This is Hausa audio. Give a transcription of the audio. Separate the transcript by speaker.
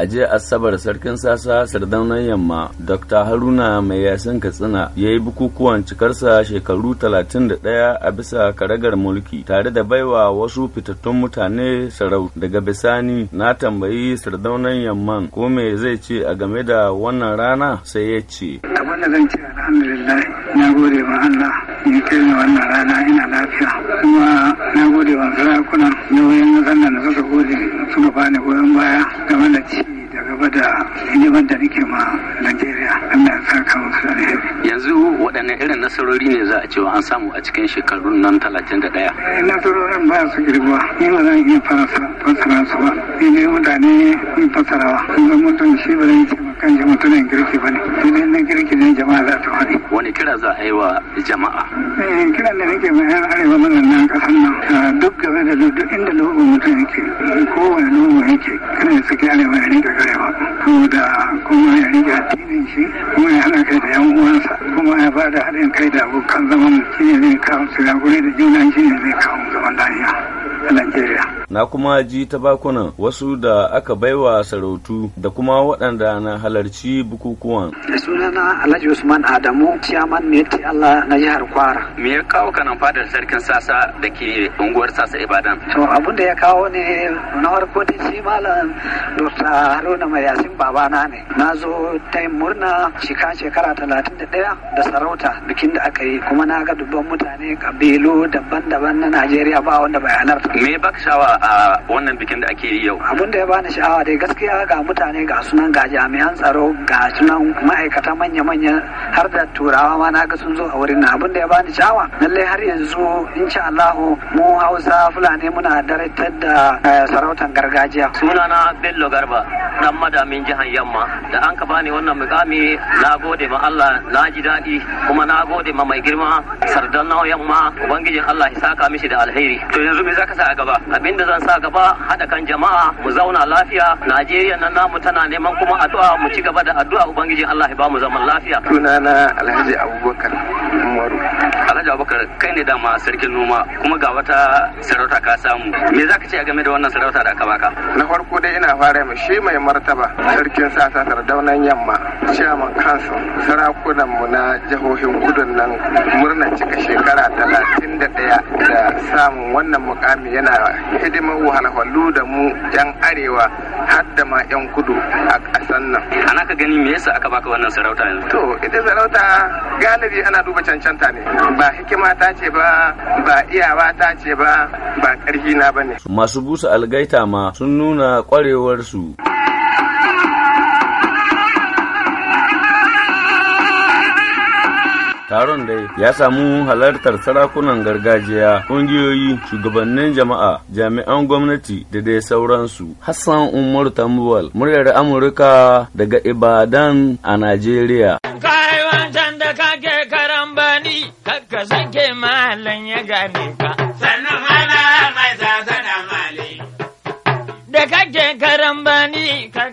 Speaker 1: a jiya asabar sarkin sasa sardaunar yamma dr haruna mai yasin katsina ya yi bukukuwan cikarsa shekaru 31 a bisa karagar mulki tare da baiwa wasu fitattun mutane sarau daga bisani na tambayi sardaunar yamman ko me zai ce a game da wannan rana sai ya ce
Speaker 2: abin da zan ce alhamdulillah na gode wa allah in kai wannan rana ina lafiya kuma na gode wa sarakuna nauyin da suka
Speaker 1: waɗanne irin nasarori ne za a cewa an samu a cikin shekarun nan talatin da ɗaya. Eh,
Speaker 2: nasarorin ba su girma ni ba zan yi fasara su ba ni ne mutane sun fasarawa sun ga mutum shi ba zan kan ji mutumin girki ba ne idan na girki ne jama'a za ta faɗi.
Speaker 1: wani kira za a yi
Speaker 2: wa jama'a. Eh, kiran da nake mai yan arewa nan kasan nan duk game da duk inda lobo mutum yake kowane lobo yake kana sake arewa ya rika ko da kuma ya rika addini shi kuma ya haɗa kai da yan uwansa kuma ya ba da haɗin kai da abokan zaman shi ne zai kawo su da juna shi ne zai kawo zaman
Speaker 3: lafiya. a Najeriya.
Speaker 1: Na kuma ji ta bakunan wasu da aka baiwa sarautu da kuma waɗanda na halarci bukukuwan.
Speaker 3: Da sunana Alhaji Usman Adamu, ciyaman Meti Allah na jihar Kwara.
Speaker 1: Me ya kawo kanan fadar sarkin sasa da ke unguwar sasa Ibadan? To abin
Speaker 3: da ya kawo ne na farko da shi malam Dr. Haruna Mai Yasin babana ne. Na zo ta murna shika shekara talatin da ɗaya da sarauta bikin da aka yi kuma na ga dubban mutane kabilu daban-daban na Najeriya ba wanda bayanar
Speaker 1: Me ba sha'awa a wannan bikin da ake yi yau? abinda
Speaker 3: da ya bani sha'awa dai gaskiya ga mutane ga sunan ga jami'an tsaro ga sunan ma'aikata manya-manya har da turawa ma na ga sun zo a wurin na abinda da ya bani sha'awa lallai har yanzu insha Allahu mu Hausa Fulani muna daratar da eh, sarautan gargajiya. Sunana
Speaker 1: Bello Garba dan madamin jihar Yamma da an ka bani wannan muka sami na gode ma Allah na ji daɗi kuma na gode ma mai girma sardan na ma ubangijin Allah ya saka mishi da alheri to yanzu me zaka sa a gaba abinda zan sa gaba hada kan jama'a mu zauna lafiya Najeriya nan namu tana neman kuma addu'a mu ci gaba da addu'a ubangijin Allah ya ba mu zaman lafiya
Speaker 2: sunana Alhaji Abubakar Umaru
Speaker 1: Alhaji Abubakar kai ne dama sarkin noma kuma ga wata sarauta ka samu. Me zaka ce game da wannan sarauta da aka baka? Na farko dai ina fara
Speaker 2: mu shi mai martaba sarkin sasa daunan yamma chairman kansu sarakunan mu na jihohin gudun nan murnar cika shekara 31 da da samun wannan mukami yana hidimar wahalhalu da mu jan arewa har da ma yan kudu a kasan nan. Ana ka gani me yasa aka baka wannan sarauta yanzu? To ita sarauta galibi ana duba cancanta ne ba ba hikima ta ce ba ba iyawa ta ce ba ba ƙarfi na bane
Speaker 1: masu busa algaita ma sun nuna ƙwarewar su taron dai ya samu halartar sarakunan gargajiya ƙungiyoyi shugabannin jama'a jami'an gwamnati da dai sauransu hassan umar tambuwal muryar amurka daga ibadan a najeriya ka sake malam ya gane ka. Sannan hana mai zazana mali. Da kake karambani ka